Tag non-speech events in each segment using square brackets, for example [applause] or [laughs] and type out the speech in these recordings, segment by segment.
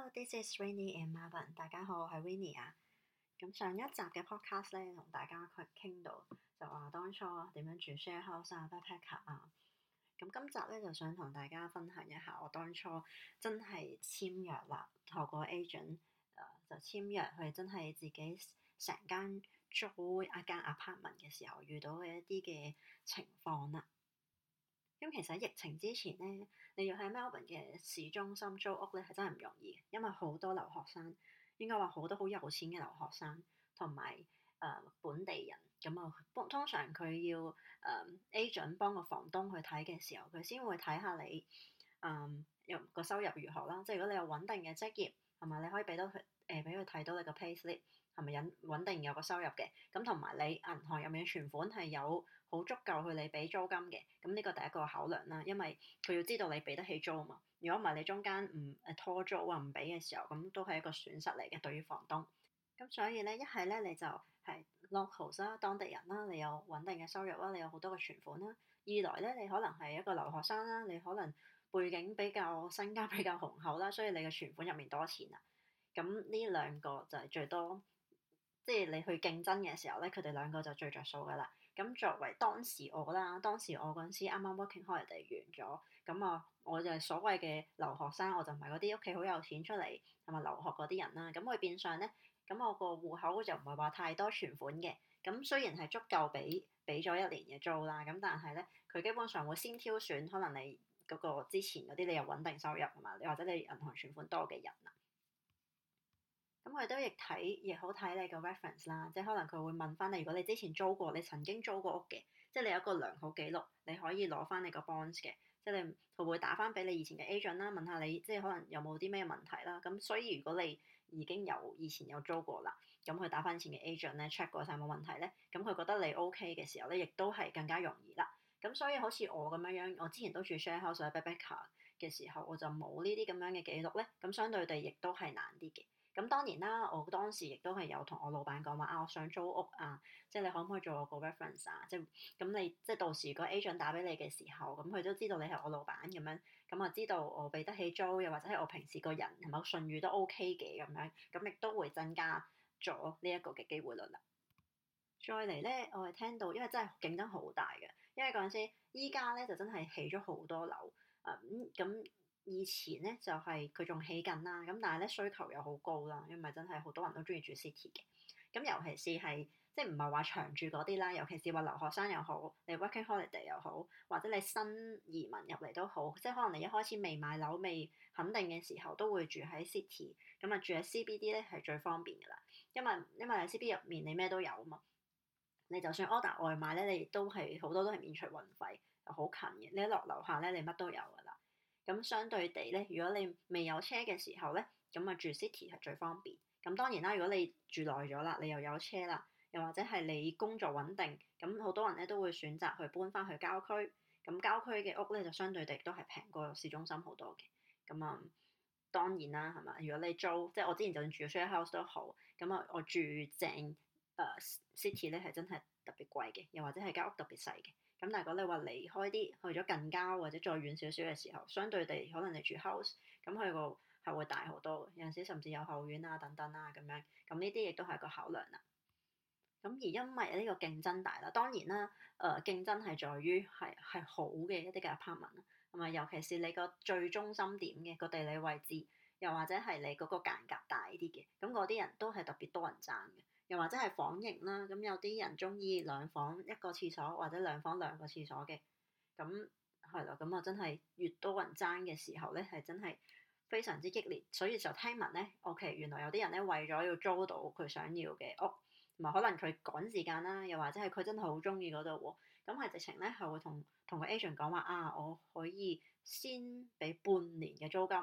Hello, this is Winnie and Marvin。大家好，我係 Winnie 啊。咁上一集嘅 podcast 咧，同大家傾到就話當初點樣住 share house 啊、flatpack 啊。咁今集咧就想同大家分享一下，我當初真係簽約啦，透、mm hmm. 過 agent 誒、呃、就簽約去真係自己成間租一間、啊、apartment 嘅時候，遇到嘅一啲嘅情況啦。咁其實喺疫情之前咧，你要喺 Melbourne 嘅市中心租屋咧，係真係唔容易，因為好多留學生應該話好多好有錢嘅留學生同埋誒本地人咁啊。通常佢要誒、呃、agent 幫個房東去睇嘅時候，佢先會睇下你誒入個收入如何啦。即係如果你有穩定嘅職業，同埋你可以俾到佢誒俾佢睇到你個 pay slip 係咪穩穩定有個收入嘅？咁同埋你銀行入面嘅存款係有好足夠去你俾租金嘅。咁呢個第一個考量啦，因為佢要知道你俾得起租啊嘛。如果唔係你中間唔誒拖租啊唔俾嘅時候，咁都係一個損失嚟嘅，對於房東。咁所以呢，一係呢你就係 local、啊、啦，當地人啦、啊，你有穩定嘅收入啦、啊，你有好多嘅存款啦、啊。二來呢，你可能係一個留學生啦、啊，你可能背景比較身家比較雄厚啦、啊，所以你嘅存款入面多錢啊。咁呢兩個就係最多。即係你去競爭嘅時候咧，佢哋兩個就最着數噶啦。咁作為當時我啦，當時我嗰陣時啱啱 working holiday 完咗，咁啊，我就係所謂嘅留學生，我就唔係嗰啲屋企好有錢出嚟同埋留學嗰啲人啦。咁佢變相咧，咁我個戶口就唔係話太多存款嘅。咁雖然係足夠俾俾咗一年嘅租啦，咁但係咧，佢基本上會先挑選可能你嗰個之前嗰啲你有穩定收入係嘛，你或者你銀行存款多嘅人。咁佢都亦睇，亦好睇你個 reference 啦。即係可能佢會問翻你，如果你之前租過，你曾經租過屋嘅，即係你有個良好記錄，你可以攞翻你個 bonds 嘅。即係佢會打翻俾你以前嘅 agent 啦，問下你即係可能有冇啲咩問題啦。咁所以如果你已經有以前有租過啦，咁佢打翻前嘅 agent 咧 check 過晒冇問題咧，咁佢覺得你 OK 嘅時候咧，亦都係更加容易啦。咁所以好似我咁樣樣，我之前都住 share house 嘅 backpack 嘅時候，我就冇呢啲咁樣嘅記錄咧，咁相對地亦都係難啲嘅。咁當然啦，我當時亦都係有同我老闆講話啊，我想租屋啊，即係你可唔可以做我個 reference 啊？即係咁你即係到時個 agent 打俾你嘅時候，咁佢都知道你係我老闆咁樣，咁啊知道我俾得起租，又或者係我平時個人有冇信譽都 OK 嘅咁樣，咁亦都會增加咗呢一個嘅機會率啦。再嚟呢，我係聽到因為真係競爭好大嘅，因為嗰陣時依家呢就真係起咗好多樓啊咁。嗯嗯。以前咧，就係佢仲起緊啦，咁但係咧需求又好高啦，因為真係好多人都中意住 city 嘅，咁尤其是係即係唔係話長住嗰啲啦，尤其是話留學生又好，你 working holiday 又好，或者你新移民入嚟都好，即係可能你一開始未買樓未肯定嘅時候，都會住喺 city，咁啊住喺 CBD 咧係最方便噶啦，因為因為喺 CBD 入面你咩都有啊嘛，你就算 order 外賣咧，你都係好多都係免除運費，又好近嘅，你一落樓下咧你乜都有噶。咁相對地呢，如果你未有車嘅時候呢，咁啊住 city 係最方便。咁當然啦，如果你住耐咗啦，你又有車啦，又或者係你工作穩定，咁好多人呢都會選擇去搬翻去郊區。咁郊區嘅屋呢，就相對地都係平過市中心好多嘅。咁、嗯、啊當然啦，係咪？如果你租，即係我之前就算住 share house 都好。咁啊，我住正誒、uh, city 呢，係真係特別貴嘅，又或者係間屋特別細嘅。咁但係，如果你話離開啲，去咗近郊或者再遠少少嘅時候，相對地可能你住 house，咁佢個係會大好多，有陣時甚至有後院啊等等啊，咁樣，咁呢啲亦都係一個考量啦。咁而因為呢個競爭大啦，當然啦，誒、呃、競爭係在於係係好嘅一啲嘅 apartment，同埋尤其是你個最中心點嘅個地理位置，又或者係你嗰個間隔大啲嘅，咁嗰啲人都係特別多人爭嘅。又或者係房型啦，咁有啲人中意兩房一個廁所，或者兩房兩個廁所嘅，咁係咯，咁啊真係越多人爭嘅時候呢，係真係非常之激烈，所以就聽聞呢，O.K. 原來有啲人呢，為咗要租到佢想要嘅屋，同埋可能佢趕時間啦，又或者係佢真係好中意嗰度喎，咁係直情呢，係會同同個 agent 講話啊，我可以先俾半年嘅租金。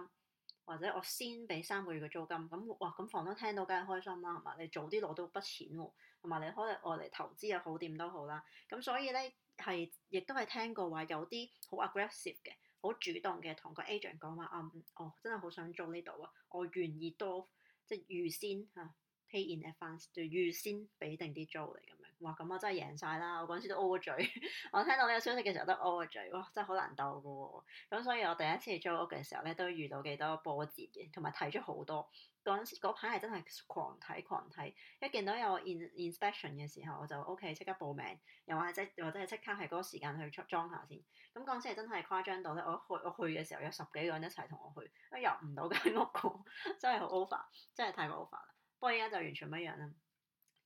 或者我先俾三個月嘅租金，咁哇咁房東聽到梗係開心啦，係嘛？你早啲攞到筆錢喎，同埋你可能愛嚟投資又好點都好啦。咁所以呢，係亦都係聽過話有啲好 aggressive 嘅，好主動嘅，同個 agent 講話，啊，嗯、哦真係好想租呢度啊，我願意多即係預先嚇、啊、pay in advance 就預先俾定啲租嚟咁樣。哇！咁我真係贏晒啦！我嗰陣時都 O 咗嘴， [laughs] 我聽到呢個消息嘅時候都 O 咗嘴。哇！真係好難鬥㗎喎、哦。咁所以我第一次租屋嘅時候咧，都遇到幾多波折嘅，同埋睇咗好多。嗰、那個、陣時嗰排係真係狂睇狂睇，一見到有 inspection 嘅時候，我就 OK 即刻報名，又或者或者係即刻係嗰個時間去裝下先。咁嗰陣時係真係誇張到咧，我去我去嘅時候有十幾個人一齊同我去，都入唔到間屋， [laughs] 真係好 over，真係太過 over 啦。不過而家就完全唔一樣啦。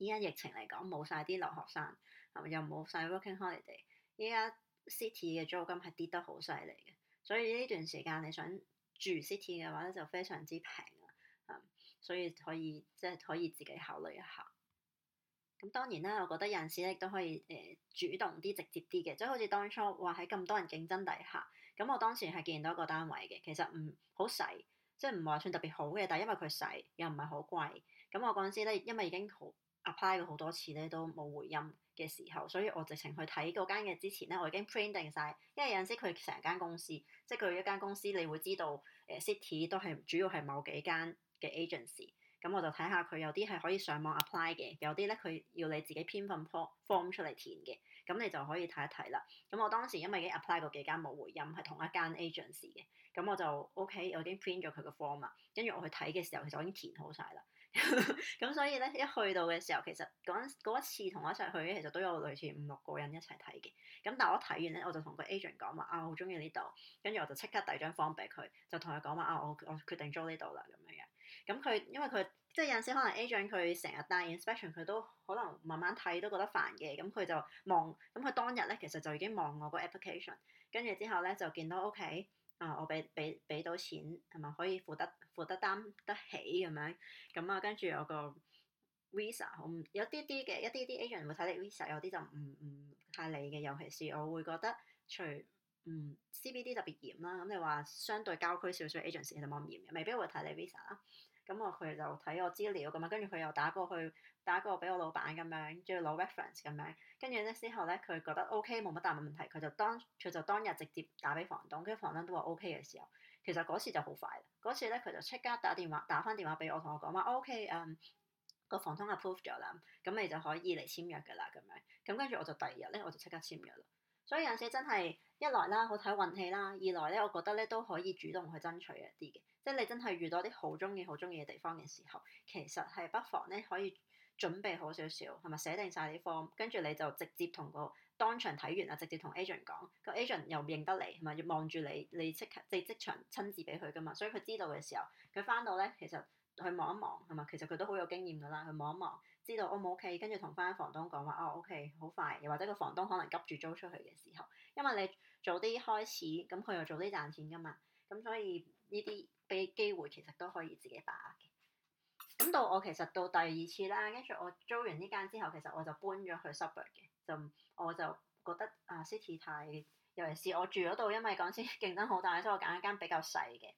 依家疫情嚟講，冇晒啲留學生，嗯、又冇晒 working holiday？依家 city 嘅租金係跌得好犀利嘅，所以呢段時間你想住 city 嘅話咧，就非常之平啊，所以可以即係、就是、可以自己考慮一下。咁當然啦，我覺得有時咧亦都可以誒、呃、主動啲、直接啲嘅，即係好似當初話喺咁多人競爭底下，咁我當時係見到一個單位嘅，其實唔好細，即係唔話算特別好嘅，但係因為佢細又唔係好貴，咁我嗰陣時呢，因為已經好 apply 過好多次咧都冇回音嘅時候，所以我直情去睇嗰間嘅之前咧，我已經 print 定晒。因為有陣時佢成間公司，即係佢一間公司，你會知道誒、呃、city 都係主要係某幾間嘅 agency。咁我就睇下佢有啲係可以上網 apply 嘅，有啲咧佢要你自己編份 form 出嚟填嘅。咁你就可以睇一睇啦。咁我當時因為已經 apply 過幾間冇回音，係同一間 agency 嘅，咁我就 OK，我已經 print 咗佢個 form 啦。跟住我去睇嘅時候，其實我已經填好晒啦。咁 [laughs] 所以呢，一去到嘅時候，其實嗰陣嗰一次同我一齊去嘅，其實都有類似五六個人一齊睇嘅。咁但係我睇完呢，我就同個 agent 講話啊，我好中意呢度，跟住我就即刻遞張 form 俾佢，就同佢講話啊，我我決定租呢度啦咁樣。咁佢因為佢即係有陣時可能 agent 佢成日帶 inspection，佢都可能慢慢睇都覺得煩嘅，咁佢就望，咁佢當日呢，其實就已經望我個 application，跟住之後呢，就見到 OK。啊、嗯！我俾俾俾到錢係咪可以負得負得負得擔得起咁樣？咁啊，跟住我個 Visa，嗯，有啲啲嘅一啲啲 agent 會睇你 Visa，有啲就唔唔太理嘅。尤其是我會覺得，除嗯 CBD 特別嚴啦，咁、嗯、你話相對郊區少少 agency 就冇咁嚴，未必會睇你 Visa 啦。咁我佢就睇我資料咁啊，跟住佢又打過去，打過俾我老闆咁樣，仲要攞 reference 咁樣，跟住咧之後咧，佢覺得 OK 冇乜大問題，佢就當佢就當日直接打俾房東，跟住房東都話 OK 嘅時候，其實嗰次就好快啦。嗰次咧佢就即刻打電話打翻電話俾我，同我講話 OK 誒、嗯，個房東 approve 咗啦，咁你就可以嚟簽約噶啦咁樣。咁跟住我就第二日咧我就即刻簽約啦。所以有陣時真係一來啦，好睇運氣啦；二來咧，我覺得咧都可以主動去爭取一啲嘅。即係你真係遇到啲好中意、好中意嘅地方嘅時候，其實係不妨呢可以準備好少少，係咪寫定晒啲 form，跟住你就直接同個當場睇完啦，直接同 agent 講，個 agent 又認得你，係咪要望住你，你，即，你即，即即即場親自俾佢噶嘛，所以佢知道嘅時候，佢翻到咧其實去望一望，係咪其實佢都好有經驗噶啦，去望一望知道 O 唔 O K，跟住同翻房東講話哦 O K 好快，又或者個房東可能急住租出去嘅時候，因為你早啲開始，咁佢又早啲賺錢噶嘛，咁所以。呢啲俾機會其實都可以自己把握嘅。咁到我其實到第二次啦，跟住我租完呢間之後，其實我就搬咗去 suburb 嘅。就我就覺得啊，city 太，尤其是我住嗰度，因為講先競爭好大，所以我揀一間比較細嘅，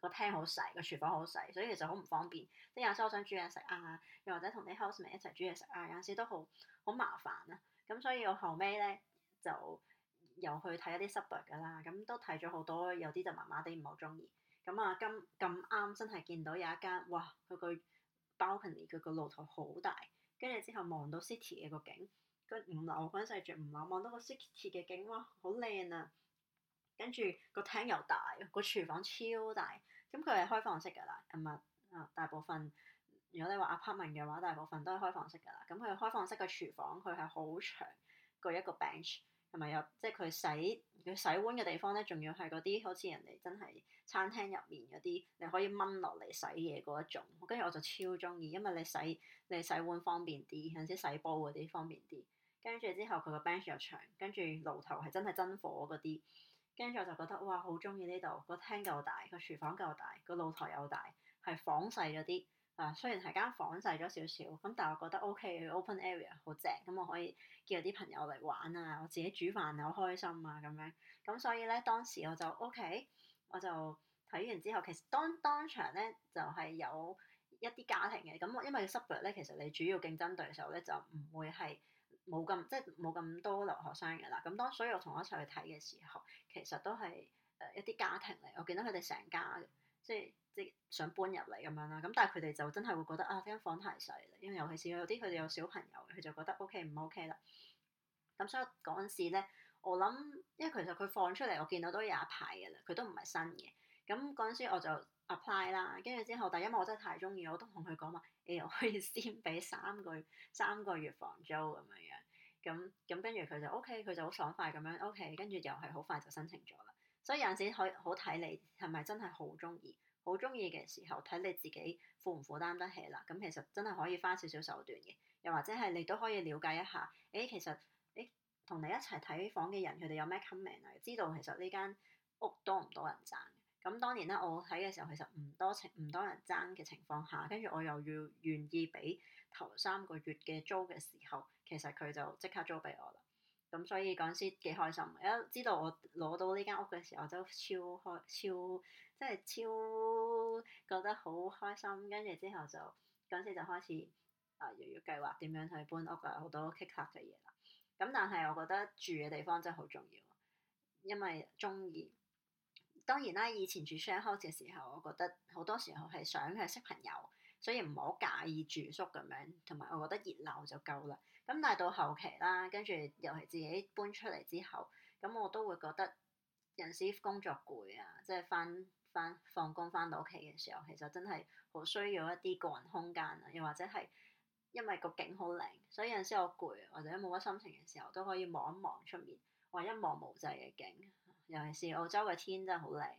個廳好細，個廚房好細，所以其實好唔方便。即有時我想煮嘢食啊，又或者同啲 housemate 一齊煮嘢食啊，有陣時都好好麻煩啊。咁所以我後尾咧就。又去睇一啲 suburb 噶啦，咁都睇咗好多，有啲就麻麻地唔好中意。咁啊，今咁啱真係見到有一間，哇！佢個 balcony，佢個露台好大，跟住之後望到 city 嘅個景，佢五樓揾曬住五樓望到個 city 嘅景，哇、哦！好靚啊！跟住個廳又大，個廚房超大，咁佢係開放式噶啦，唔係啊，大部分。如果你話 apartment 嘅話，大部分都係開放式噶啦。咁佢開放式嘅廚房，佢係好長個一個 bench。唔係啊！即佢洗佢洗碗嘅地方呢，仲要係嗰啲好似人哋真係餐廳入面嗰啲，你可以掹落嚟洗嘢嗰一種。跟住我就超鍾意，因為你洗你洗碗方便啲，有陣時洗煲嗰啲方便啲。跟住之後佢個 bench 又長，跟住爐頭係真係真火嗰啲。跟住我就覺得哇，好鍾意呢度個廳夠大，個廚房夠大，個露台又大，係房細咗啲。啊，uh, 雖然係間房細咗少少，咁但係我覺得 OK，open area 好正，咁、嗯、我可以叫啲朋友嚟玩啊，我自己煮飯又好開心啊咁樣。咁、嗯、所以呢，當時我就 OK，我就睇完之後，其實當當場呢就係有一啲家庭嘅。咁、嗯、因為 suburb 呢其實你主要競爭對手呢就唔會係冇咁即係冇咁多留學生嘅啦。咁、嗯、當所以，我同我一齊去睇嘅時候，其實都係誒一啲家庭嚟，我見到佢哋成家。即係即係想搬入嚟咁樣啦，咁但係佢哋就真係會覺得啊，間、這個、房太細啦，因為尤其是有啲佢哋有小朋友，佢就覺得 OK 唔 OK 啦。咁所以嗰陣時呢，我諗，因為其實佢放出嚟，我見到都有一排嘅啦，佢都唔係新嘅。咁嗰陣時我就 apply 啦，跟住之後，但因為我真係太中意，我都同佢講話，誒、欸、我可以先俾三個月三個月房租咁樣樣，咁咁跟住佢就 OK，佢就好爽快咁樣 OK，跟住又係好快就申請咗啦。所以有陣時可以好睇你係咪真係好中意，好中意嘅時候睇你自己負唔負擔得起啦。咁其實真係可以花少少手段嘅，又或者係你都可以了解一下。誒、欸，其實誒同、欸、你一齊睇房嘅人佢哋有咩 comment 啊？知道其實呢間屋多唔多人爭。咁當然啦，我睇嘅時候其實唔多情唔多人爭嘅情況下，跟住我又要願意俾頭三個月嘅租嘅時候，其實佢就即刻租俾我啦。咁所以嗰時幾開心，一知道我攞到呢間屋嘅時候，我都超開超，即係超覺得好開心。跟住之後就嗰時就開始啊、呃，又要計劃點樣去搬屋啊，好多棘手嘅嘢啦。咁但係我覺得住嘅地方真係好重要，因為中意。當然啦，以前住 share house 嘅時候，我覺得好多時候係想係識朋友，所以唔好介意住宿咁樣，同埋我覺得熱鬧就夠啦。咁但係到後期啦，跟住尤其自己搬出嚟之後，咁我都會覺得有陣時工作攰啊，即係返返放工返到屋企嘅時候，其實真係好需要一啲個人空間啊，又或者係因為個景好靚，所以有陣時我攰或者冇乜心情嘅時候，都可以望一望出面，哇！一望無際嘅景，尤其是澳洲嘅天真係好靚，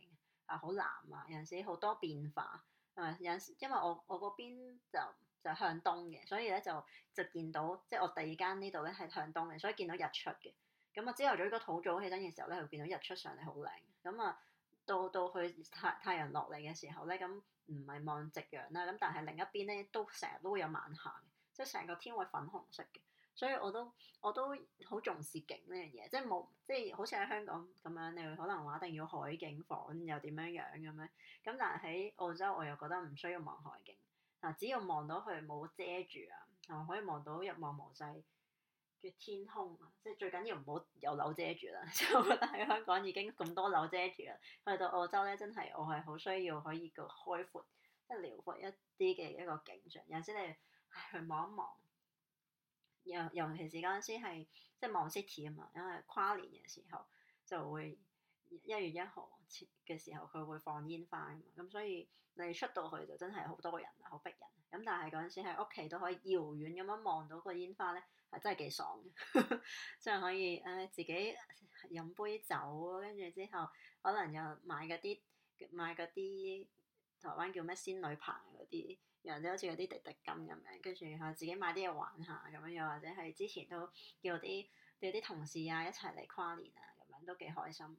啊好藍啊，有陣時好多變化，誒、啊、有陣時因為我我嗰邊就。就向東嘅，所以呢，就就見到即係我第二間呢度呢係向東嘅，所以見到日出嘅。咁啊，朝頭早嗰個好早起身嘅時候呢，佢見到日出上嚟好靚。咁啊，到到去太太陽落嚟嘅時候呢，咁唔係望夕陽啦。咁但係另一邊呢，都成日都會有晚霞嘅，即係成個天會粉紅色嘅。所以我都我都好重視景呢樣嘢，即係冇即係好似喺香港咁樣，你可能話一定要海景房又點樣樣咁樣。咁但係喺澳洲，我又覺得唔需要望海景。嗱，只要望到佢冇遮住啊，可以望到一望無際嘅天空啊，即係最緊要唔好有樓遮住啦。就覺得喺香港已經咁多樓遮住啦，去到澳洲呢，真係我係好需要可以個開闊，即係遼闊一啲嘅一個景象。有陣時你去望一望，尤尤其是嗰陣時係即係望 city 啊嘛，因為跨年嘅時候就會。一月一號前嘅時候，佢會放煙花，咁所以你出到去就真係好多人，好逼人。咁但係嗰陣時喺屋企都可以遙遠咁樣望到個煙花呢係真係幾爽嘅，即 [laughs] 係可以唉、呃，自己飲杯酒，跟住之後可能又買嗰啲買嗰啲台灣叫咩仙女棒嗰啲，然後就好似嗰啲滴滴金咁樣，跟住然後自己買啲嘢玩下咁樣，又或者係之前都叫啲叫啲同事啊一齊嚟跨年啊咁樣，都幾開心嘅。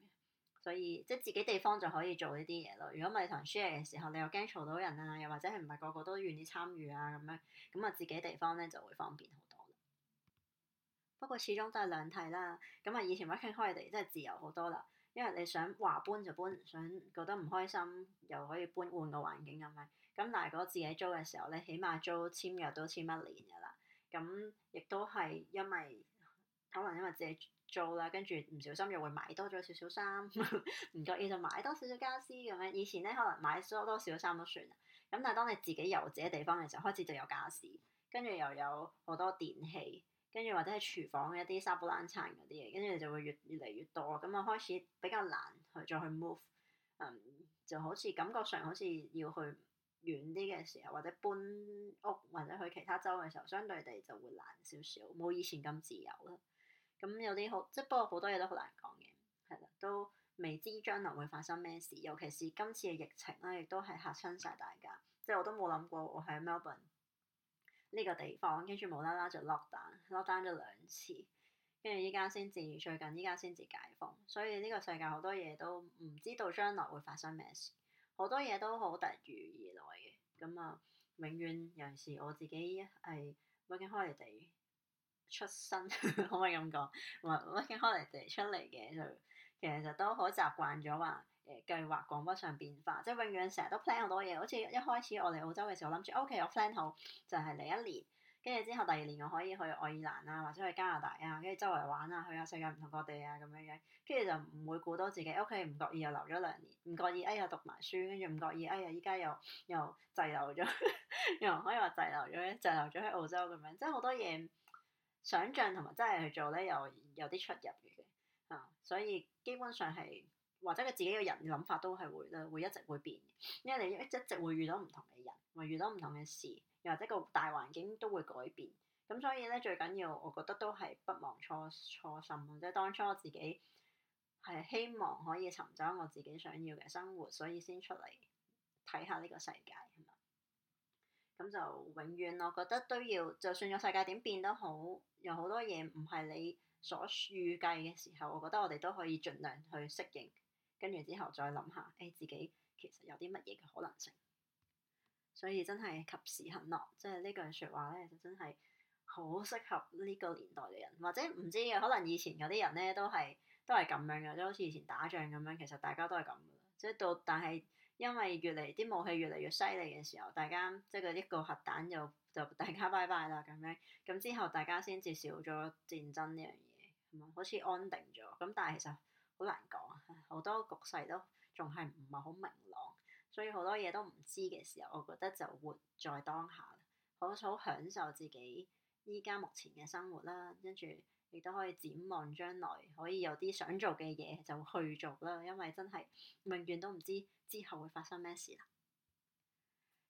所以即係自己地方就可以做呢啲嘢咯。如果唔係，同人 share 嘅時候，你又驚嘈到人啊，又或者係唔係個個都願意參與啊咁樣，咁啊自己地方呢就會方便好多。不過始終都係兩睇啦。咁啊以前 working holiday 真係自由好多啦，因為你想話搬就搬，想覺得唔開心又可以搬換個環境咁樣。咁但係如果自己租嘅時候呢，起碼租簽約都簽約都簽約一年噶啦。咁亦都係因為可能因為自己。租啦，跟住唔小心又會買多咗少少衫，唔 [laughs] 覺意就買多少少傢俬。咁樣。以前咧可能買多多少少衫都算啦，咁但係當你自己有自己地方嘅時候，開始就有傢俬，跟住又有好多電器，跟住或者係廚房嘅一啲沙煲罌罉嗰啲嘢，跟住就會越越嚟越多，咁啊開始比較難去再去 move，嗯，就好似感覺上好似要去遠啲嘅時候，或者搬屋或者去其他州嘅時候，相對地就會難少少，冇以前咁自由啦。咁有啲好，即不過好多嘢都好難講嘅，係啦，都未知將來會發生咩事，尤其是今次嘅疫情啦，亦都係嚇親晒大家，即係我都冇諗過我喺 Melbourne 呢個地方，跟住無啦啦就 lock down，lock down 咗兩次，跟住依家先至最近，依家先至解封，所以呢個世界好多嘢都唔知道將來會發生咩事，好多嘢都好突如而來嘅，咁啊，永遠尤其是我自己係 working holiday。出身可唔可以咁講，話 working holiday 出嚟嘅就其實就都好習慣咗話誒計劃趕不上變化，即係永遠成日都 plan 好多嘢。好似一開始我嚟澳洲嘅時候，我諗住 O K，我 plan 好就係嚟一年，跟住之後第二年我可以去愛爾蘭啊，或者去加拿大啊，跟住周圍玩啊，去下世界唔同各地啊咁樣樣，跟住就唔會顧到自己屋企，唔覺意又留咗兩年，唔覺意哎呀讀埋書，跟住唔覺意哎呀依家又又滯留咗，又，滯 [laughs] 又可以話滯留咗，滯留咗喺澳洲咁樣，即係好多嘢。想象同埋真係去做呢，又有啲出入嘅。啊，所以基本上係或者佢自己嘅人諗法都係會咧，會一直會變，因為你一直會遇到唔同嘅人，遇到唔同嘅事，又或者個大環境都會改變，咁所以呢，最緊要，我覺得都係不忘初初心，即係當初自己係希望可以尋找我自己想要嘅生活，所以先出嚟睇下呢個世界。咁就永遠，我覺得都要，就算個世界點變都好，有好多嘢唔係你所預計嘅時候，我覺得我哋都可以盡量去適應，跟住之後再諗下，唉、欸，自己其實有啲乜嘢嘅可能性。所以真係及時行樂，即係呢句説話呢，就真係好適合呢個年代嘅人，或者唔知可能以前嗰啲人呢都係都係咁樣嘅，即好似以前打仗咁樣，其實大家都係咁嘅，即、係、到但係。因為越嚟啲武器越嚟越犀利嘅時候，大家即係佢一個核彈就就大家拜拜啦，咁樣，咁之後，大家先至少咗戰爭呢樣嘢，好似安定咗咁。但係其實好難講，好多局勢都仲係唔係好明朗，所以好多嘢都唔知嘅時候，我覺得就活在當下，好好享受自己依家目前嘅生活啦，跟住。你都可以展望將來，可以有啲想做嘅嘢就去做啦，因為真係永遠都唔知之後會發生咩事啦。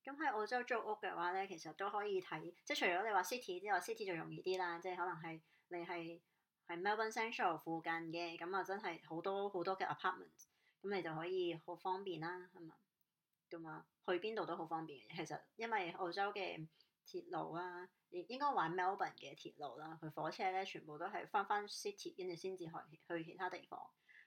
咁喺澳洲租屋嘅話呢，其實都可以睇，即係除咗你話 city 之外，city 就容易啲啦，即係可能係你係係 Melbourne Central 附近嘅，咁啊真係好多好多嘅 apartment，咁你就可以好方便啦，係嘛？咁啊，去邊度都好方便嘅，其實因為澳洲嘅。鐵路啊，應應該玩 Melbourne 嘅鐵路啦。佢火車咧，全部都係翻翻 City，跟住先至去去其他地方。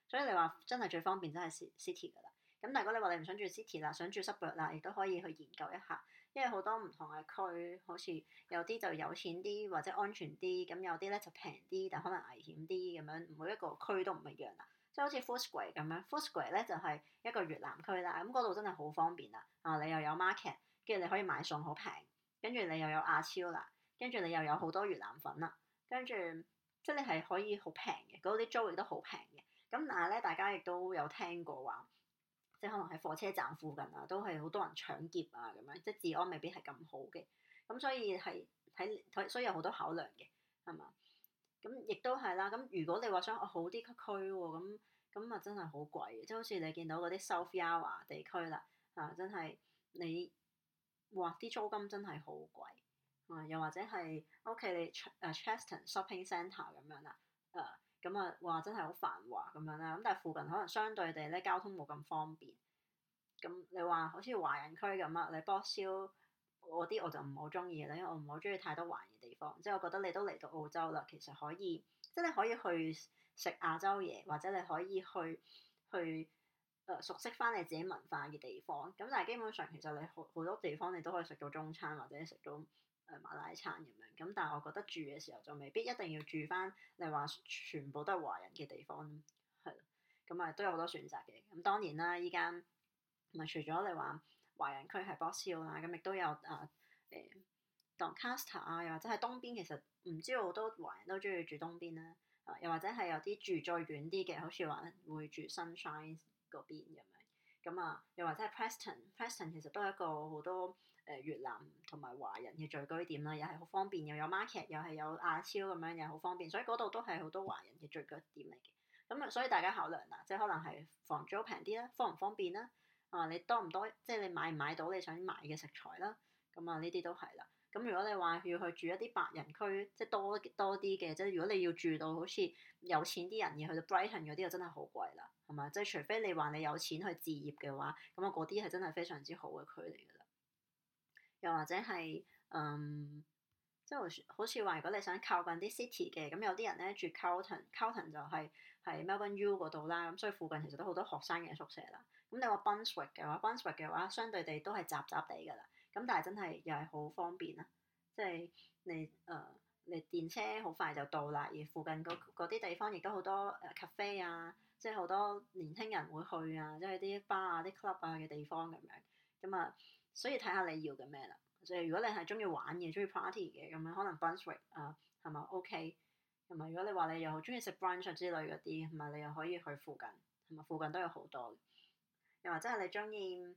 所以你話真係最方便真，真係 City 噶啦。咁但如果你話你唔想住 City 啦，想住 Suburb 啦，亦都可以去研究一下，因為好多唔同嘅區，好似有啲就有錢啲或者安全啲，咁有啲咧就平啲，但可能危險啲咁樣。每一個區都唔一樣啦，即係好似 Footscray 咁樣 Footscray 咧就係一個越南區啦。咁嗰度真係好方便啊！啊，你又有 market，跟住你可以買餸好平。跟住你又有亞超啦，跟住你又有好多越南粉啦，跟住即係你係可以好平嘅，嗰啲租亦都好平嘅。咁但係咧，大家亦都有聽過話，即係可能喺火車站附近啊，都係好多人搶劫啊咁樣，即係治安未必係咁好嘅。咁所以係睇所以有好多考量嘅，係嘛？咁亦都係啦。咁如果你話想、哦、好啲區喎，咁咁啊真係好貴嘅，即係好似你見到嗰啲 Sofia 地區啦，啊真係你。哇！啲租金真係好貴，啊，又或者係屋企你 Ch 呃 Chadstone Shopping Centre 咁樣啦，唉、啊，咁啊哇！真係好繁華咁樣啦，咁但係附近可能相對地呢，交通冇咁方便。咁、啊、你話好似華人區咁啊，你 Box Hill 嗰啲我就唔好中意咧，因為我唔好中意太多華人地方。即係我覺得你都嚟到澳洲啦，其實可以，即你可以去食亞洲嘢，或者你可以去去。誒，熟悉翻你自己文化嘅地方咁，但係基本上其實你好好多地方你都可以食到中餐或者食到誒、呃、馬拉餐咁樣咁。但係我覺得住嘅時候就未必一定要住翻，你話全部都係華人嘅地方，係咁啊都有好多選擇嘅。咁當然啦，依家咪除咗你話華人區係 Box Hill 啦，咁亦都有誒誒、啊呃、Doncaster 啊，又或者喺東邊其實唔知好多華人都中意住東邊啦、啊，又或者係有啲住再遠啲嘅，好似話會住 Sunshine。嗰邊咁樣，咁啊，又或者係 Preston，Preston 其實都係一個好多誒越南同埋華人嘅聚居點啦，又係好方便，又有 market，又係有亞超咁樣，又好方便，所以嗰度都係好多華人嘅聚居點嚟嘅。咁啊，所以大家考量啦，即係可能係房租平啲啦，方唔方便啦，啊，你多唔多，即係你買唔買到你想買嘅食材啦，咁啊，呢啲都係啦。咁如果你話要去住一啲白人區，即係多多啲嘅，即係如果你要住到好似有錢啲人要去到 Brighton 嗰啲就真係好貴啦，係咪？即係除非你話你有錢去置業嘅話，咁啊嗰啲係真係非常之好嘅區嚟㗎啦。又或者係嗯，即係好似話如果你想靠近啲 city 嘅，咁有啲人呢住 Carlton，Carlton 就係喺 Melbourne U 嗰度啦，咁所以附近其實都好多學生嘅宿舍啦。咁你話 Bunswick 嘅話，Bunswick 嘅話相對地都係雜雜地㗎啦。咁但係真係又係好方便啊！即係你誒，呃，你電車好快就到啦，而附近嗰啲地方亦都好多誒 cafe 啊，即係好多年輕人會去啊，即係啲 bar 啊、啲 club 啊嘅地方咁樣。咁啊，所以睇下你要嘅咩啦。即係如果你係中意玩嘅、中意 party 嘅咁樣，可能 brunch 啊係咪 OK？同埋如果你話你又好中意食 brunch 之類嗰啲，同埋你又可以去附近，同埋附近都有好多。又或者係你中意。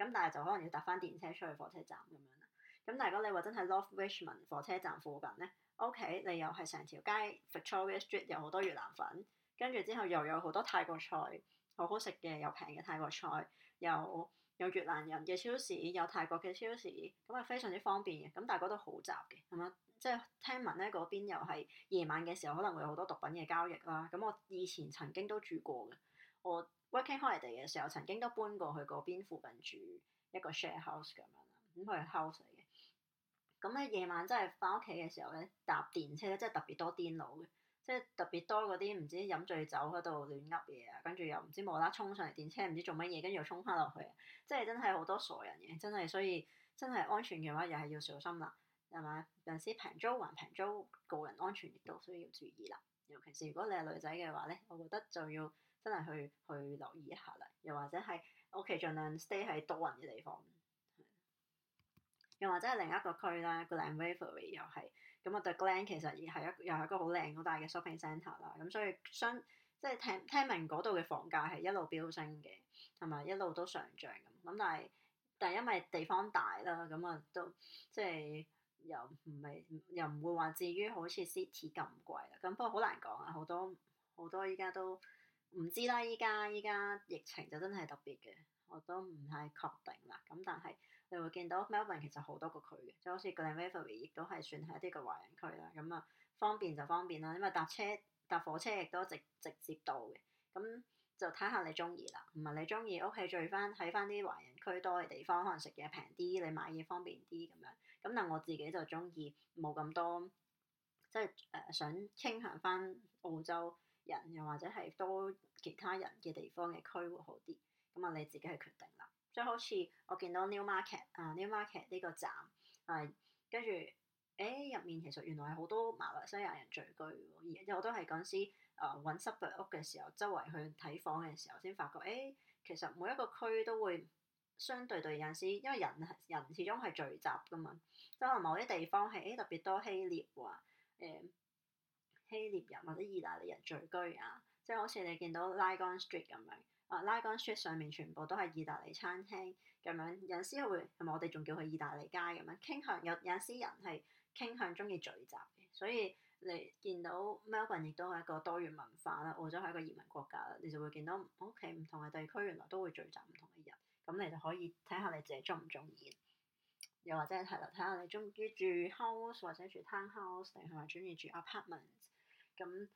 咁但係就可能要搭翻電車出去火車站咁樣啦。咁但係如果你話真係 North Richmond 火車站附近咧，OK，你又係成條街 Victoria Street 有好多越南粉，跟住之後又有好多泰國菜，好好食嘅又平嘅泰國菜，又有越南人嘅超市，有泰國嘅超市，咁啊非常之方便嘅。咁但係嗰度好雜嘅，咁樣即係聽聞咧嗰邊又係夜晚嘅時候可能會有好多毒品嘅交易啦。咁我以前曾經都住過嘅。我 working holiday 嘅時候，曾經都搬過去嗰邊附近住一個 share house 咁樣，咁、佢、係 house 嚟嘅。咁咧夜晚真係翻屋企嘅時候咧，搭電車咧，真係特別多癲佬嘅，即係特別多嗰啲唔知飲醉酒喺度亂噏嘢，啊，跟住又唔知冇啦啦衝上嚟電車，唔知做乜嘢，跟住又衝翻落去，啊。即係真係好多傻人嘅，真係所以真係安全嘅話又係要小心啦，係嘛？有陣時平租還平租，個人安全亦都需要注意啦。尤其是如果你係女仔嘅話咧，我覺得就要。真係去去留意一下啦，又或者係屋企盡量 stay 喺多人嘅地方，又或者係另一個區啦，Glen Waverley 又係咁啊。The Glen 其實係一又係一個好靚好大嘅 shopping centre 啦，咁所以相即係聽聽聞嗰度嘅房價係一路飆升嘅，同埋一路都上漲咁。咁但係但係因為地方大啦，咁啊都即係又唔係又唔會話至於好似 City 咁貴啦。咁不過好難講啊，好多好多依家都～唔知啦，依家依家疫情就真係特別嘅，我都唔太確定啦。咁但係你會見到 Melbourne 其實好多個區嘅，就好似 Glen Waverley 亦都係算係一啲個華人區啦。咁啊方便就方便啦，因為搭車搭火車亦都直直接到嘅。咁就睇下你中意啦。唔係你中意屋企聚翻喺翻啲華人區多嘅地方，可能食嘢平啲，你買嘢方便啲咁樣。咁但我自己就中意冇咁多，即係誒、呃、想傾向翻澳洲。人又或者係多其他人嘅地方嘅區會好啲，咁啊你自己去決定啦。即係好似我見到 New Market 啊、uh,，New Market 呢個站係跟住誒入面其實原來係好多馬來西亞人聚居，而我都係嗰陣時啊揾、uh, suburb 屋嘅時候，周圍去睇房嘅時候先發覺誒、欸，其實每一個區都會相對對有陣時，因為人人始終係聚集噶嘛，即可能某啲地方係誒、欸、特別多希臘話誒。Uh, 希臘人或者意大利人聚居啊，即係好似你見到 Lygon Street 咁樣啊，Lygon Street 上面全部都係意大利餐廳咁樣。有啲會係咪我哋仲叫佢意大利街咁樣，傾向有，有啲人係傾向中意聚集嘅，所以你見到 Melbourne 亦都係一個多元文化啦，澳洲係一個移民國家啦，你就會見到屋企唔同嘅地區原來都會聚集唔同嘅人，咁你就可以睇下你自己中唔中意，又或者係睇睇下你中意住 house 或者住 town house，定係話中意住 apartment。咁，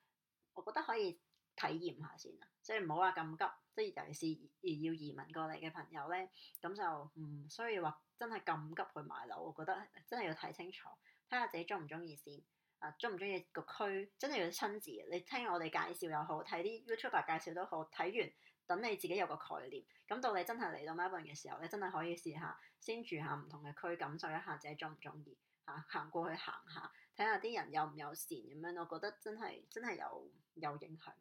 我覺得可以體驗下先啊，即係唔好話咁急，即係尤其是要移民過嚟嘅朋友呢。咁就唔需要話真係咁急去買樓。我覺得真係要睇清楚，睇下自己中唔中意先啊，中唔中意個區，真係要親自。你聽我哋介紹又好，睇啲 YouTube 介紹都好，睇完等你自己有個概念。咁到你真係嚟到 Melbourne 嘅時候，呢真係可以試下先住下唔同嘅區，感受一下自己中唔中意嚇，行、啊、過去行下。睇下啲人有唔友善咁樣，我覺得真係真係有有影響嘅，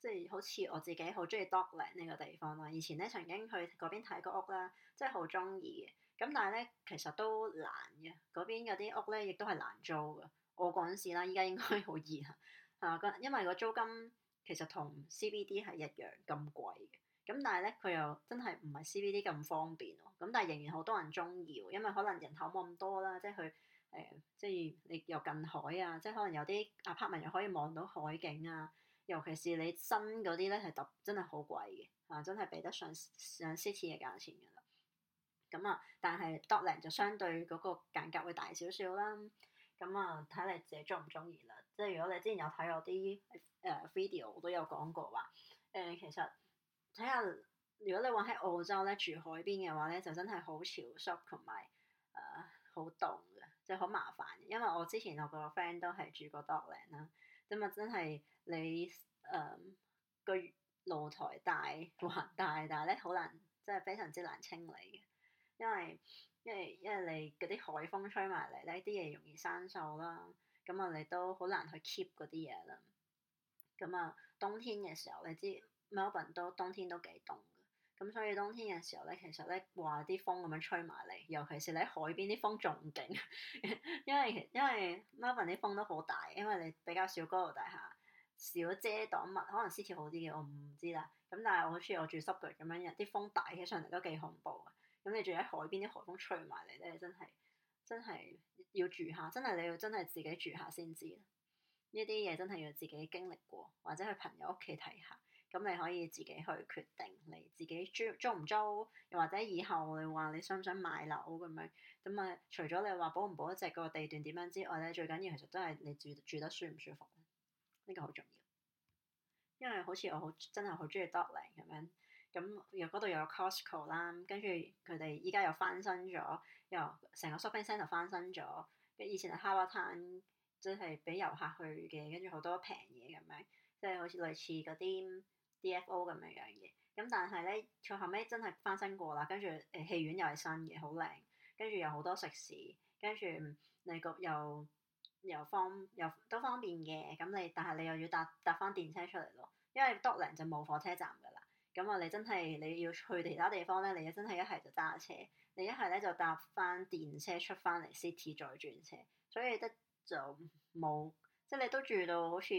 即係好似我自己好中意 Dockland 呢個地方咯。以前呢曾經去嗰邊睇過屋啦，即係好中意嘅。咁但係呢，其實都難嘅。嗰邊嗰啲屋呢，亦都係難租嘅。我嗰陣時啦，依家應該好易嚇，嚇個因為個租金其實同 CBD 係一樣咁貴嘅。咁但係咧，佢又真係唔係 CBD 咁方便喎。咁但係仍然好多人中意喎，因為可能人口冇咁多啦，即係佢誒，即係你又近海啊，即係可能有啲 Apartment 又可以望到海景啊。尤其是你新嗰啲咧，係特真係好貴嘅嚇、啊，真係比得上上 City 嘅價錢㗎啦。咁啊，但係 Dorling 就相對嗰個間隔會大少少啦。咁啊，睇你自己中唔中意啦。即係如果你之前有睇我啲誒、uh, video，我都有講過話誒、呃，其實。睇下如果你話喺澳洲咧住海邊嘅話咧，就真係好潮濕同埋誒好凍嘅，即係好麻煩，因為我之前我個 friend 都係住過 Darling 啦，咁啊真係你誒、呃那個露台大還大,大，但係咧好難，真係非常之難清理嘅。因為因為因為你嗰啲海風吹埋嚟咧，啲嘢容易生鏽啦，咁啊你都好難去 keep 嗰啲嘢啦。咁、嗯、啊冬天嘅時候，你知。m 馬爾本都冬天都幾凍嘅，咁所以冬天嘅時候呢，其實呢話啲風咁樣吹埋嚟，尤其是你喺海邊啲風仲勁，因為因為馬爾本啲風都好大，因為你比較少高樓大廈，少遮擋物，可能 city 好啲嘅，我唔知啦。咁但係我好似我住 suburb 咁樣嘅，啲風大起上嚟都幾恐怖嘅。咁你住喺海邊啲海風吹埋嚟呢，真係真係要住下，真係你要真係自己住下先知。呢啲嘢真係要自己經歷過，或者去朋友屋企睇下。咁你可以自己去決定，你自己租租唔租，又或者以後你話你想唔想買樓咁樣，咁啊除咗你話保唔保值個地段點樣之外呢最緊要其實都係你住住得舒唔舒服，呢個好重要。因為好似我好真係好中意 Docklands 咁樣，咁又嗰度有 Costco 啦，跟住佢哋依家又翻新咗，又成個 shopping centre 翻新咗，跟以前係 Harbour Town 即係俾遊客去嘅，跟住好多平嘢咁樣，即係好似類似嗰啲。DFO 咁樣樣嘅，咁但係咧，佢後屘真係翻新過啦，跟住誒戲院又係新嘅，好靚，跟住又好多食肆。跟住你個又又方又都方便嘅，咁你但係你又要搭搭翻電車出嚟咯，因為 Dockland 就冇火車站噶啦，咁啊你真係你要去其他地方咧，你真係一係就揸車，你一係咧就搭翻電車出翻嚟 City 再轉車，所以得就冇，即你都住到好似。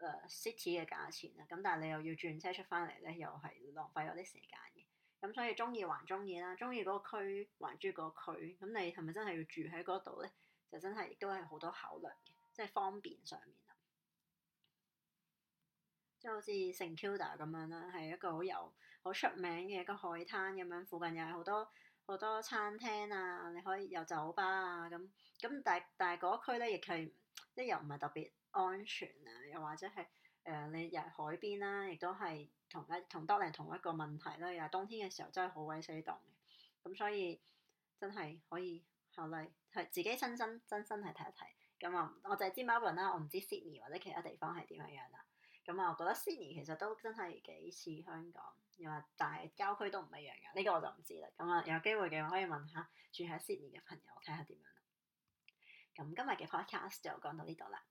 誒 city 嘅價錢啊，咁但係你又要轉車出翻嚟呢，又係浪費咗啲時間嘅。咁所以中意還中意啦，中意嗰個區還住嗰個區，咁你係咪真係要住喺嗰度呢？就真係亦都係好多考慮嘅，即係方便上面啦。即係好似 St Kilda 咁樣啦，係一個好有好出名嘅一個海灘咁樣，附近又係好多好多餐廳啊，你可以有酒吧啊咁。咁但但係嗰區呢，亦係即係又唔係特別。安全啊，又或者係誒、呃、你入海邊啦、啊，亦都係同一同多倫同一個問題啦、啊。又係冬天嘅時候真係好鬼死凍嘅，咁所以真係可以考慮係自己親身真身係睇一睇。咁、嗯、啊，我就係知馬雲啦，我唔知 Sydney 或者其他地方係點樣樣啦。咁、嗯、啊，我覺得 Sydney 其實都真係幾似香港，又話但係郊區都唔一樣嘅。呢、呢個我就唔知啦。咁、嗯、啊、嗯，有機會嘅話可以問下住喺 Sydney 嘅朋友睇下點樣啦。咁、嗯、今日嘅 podcast 就講到呢度啦。